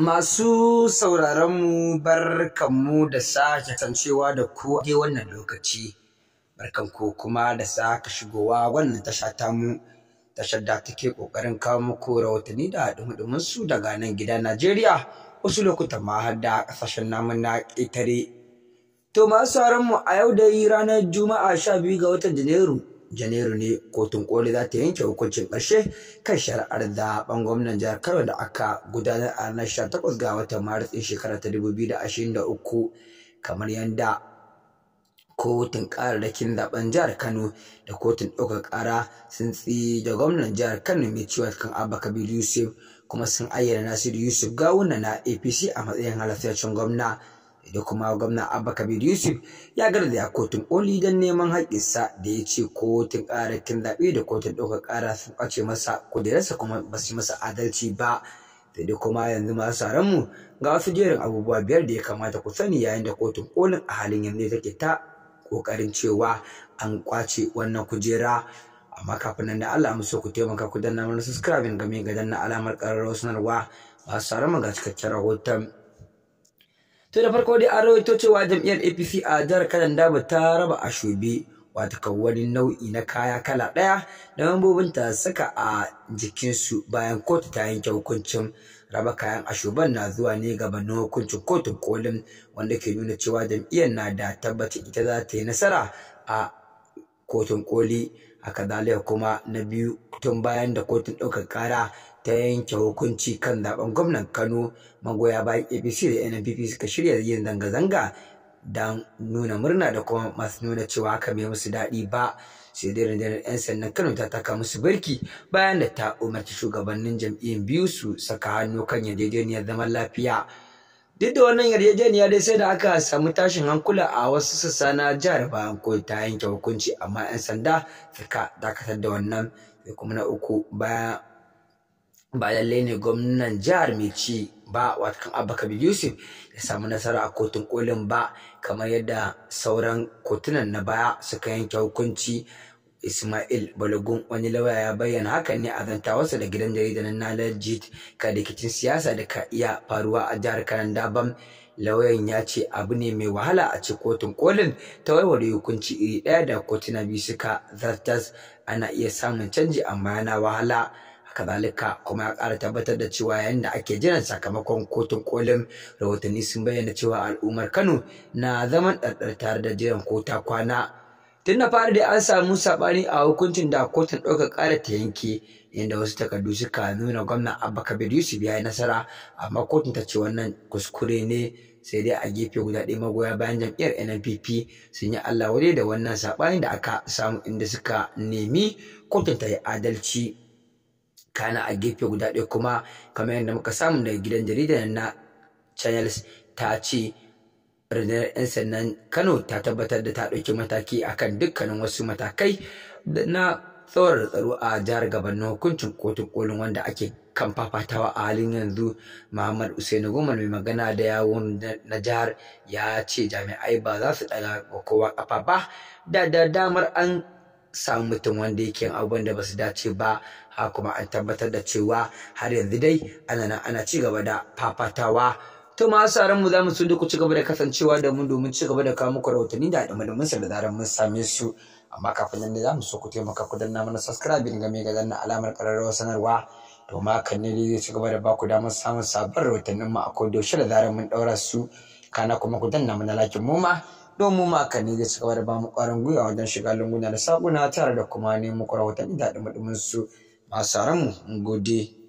Masu sauraronmu barkanmu da sake kasancewa da ku a wannan lokaci, barkanku kuma da sake shigowa wannan tasha tamu, tashar da take ƙoƙarin kawo muku rahotanni da haɗin su daga nan gida Najeriya, wasu lokutan ma har da ƙasashen namun na ƙetare. To masu sauraronmu a yau da dai ranar Juma'a sha biyu ga watan Janairu janairu ne kotun ƙoli za ta yanke hukuncin ƙarshe kan shari'ar zaben gwamnan jihar kano da aka gudanar a ranar takwas ga watan maris ɗin shekara ta dubu biyu da da uku kamar yadda kotun kararrakin zaɓen jihar kano da kotun ɗaukar ƙara sun tsi gwamnan jihar kano mai cewa kan abba kabir yusuf kuma sun ayyana nasiru yusuf gawuna na apc a matsayin halastaccen gwamna da kuma gwamna abba kabir yusuf ya garzaya kotun koli don neman haƙƙinsa da ya ce kotun ƙararrakin zaɓe da kotun ɗaukar ƙara sun ɓace masa kudirarsa kuma ba su masa adalci ba da da kuma yanzu masu mu ga wasu jerin abubuwa biyar da ya kamata ku sani yayin da kotun kolin a halin yanzu take ta ƙoƙarin cewa an ƙwace wannan kujera amma kafin nan da Allah musu ku taimaka ku danna mana subscribing game ga danna alamar ƙararrawar sanarwa masu sauran ga cikakken rahoton tun da farko dai an rawaito cewa jam'iyyar apc a jihar kanan ba ta raba a shobe watakan wani nau'i na kaya kala ɗaya da mambobin ta saka a jikinsu bayan kotu ta yanke hukuncin raba kayan ashuban na zuwa ne ga gabanin hukuncin kotun kolin wanda ke nuna cewa jam'iyyar na da tabbacin ita za ta yi nasara a kotun koli a kazalika kuma na biyu tun bayan da kotun ɗaukar kara ta yanke hukunci kan zaben gwamnan Kano magoya bayan APC da NNPP suka shirya yin zanga-zanga don nuna murna da kuma masu nuna cewa haka bai musu daɗi ba sai dai rundunar 'yan sannan Kano ta taka musu birki bayan da ta umarci shugabannin jam'iyyar biyu su saka hannu kan yarjejeniyar zaman lafiya. Duk da wannan yarjejeniya dai sai da aka samu tashin hankula a wasu sassa na jihar bayan ta yanke hukunci amma 'yan sanda suka dakatar da wannan sai kuma na uku bayan ba lalle ne gwamnan jihar mai ba watakan abba kabir yusuf ya samu nasara a kotun kolin ba kamar yadda sauran kotunan na baya suka yanke hukunci ismail balogun wani lauya ya bayyana hakan ne a zantawarsa da gidan jaridar na legit ka rikicin siyasa da ka iya faruwa a jihar kanan daban lauyan ya ce abu ne mai wahala a ci kotun kolin ta warware hukunci iri ɗaya da kotuna biyu suka zartas ana iya samun canji amma yana wahala kazalika kuma ya kara tabbatar da cewa yayin da ake jiran sakamakon kotun kolin rahotanni sun bayyana cewa al'ummar kano na zaman ɗarɗar tare da jiran ko ta kwana tun na fara da an samu saɓani a hukuncin da kotun ɗaukar ƙara ta yanke inda wasu takardu suka nuna gwamnan abba kabir yusuf ya yi nasara amma kotun ta ce wannan kuskure ne sai dai a gefe guda ɗaya magoya bayan jam'iyyar NNPP sun yi Allah wuri da wannan saɓani da aka samu inda suka nemi kotun ta yi adalci kana a gefe guda ɗaya kuma kamar yadda muka samu daga gidan jaridar na channels ta ce rundunar 'yan sannan kano ta tabbatar da ta ɗauki mataki akan dukkanin wasu matakai na tsawar tsaro a jihar gabanin hukuncin kotun kolin wanda ake kan fafatawa a halin yanzu Muhammad Usaini Goma mai magana da yawon na jihar ya ce jami'ai ba za su ɗaga kowa ƙafa ba da damar an Samun mutum wanda yake abubuwan da ba dace ba ha kuma an tabbatar da cewa har yanzu dai ana nan ana ci gaba da fafatawa to ma sauran mu za mu da ku ci gaba da kasancewa da mu domin ci gaba da kawo muku rahotanni da mun sa da zaran mun same su amma kafin nan ne za mu so ku taimaka ku danna mana subscribing game ga danna alamar ƙararrawar sanarwa to ma kan ne zai ci gaba da ba ku damar samun sabon rahotannin mu a da zaran mun ɗaura su kana kuma ku danna mana lakin mu ma domin mu ne zai cigaba da bamu ƙwarin gwiwa wajen shiga lunguna da saƙuna tare da kuma nemo rahotanni da maɗumin su masu mu gode.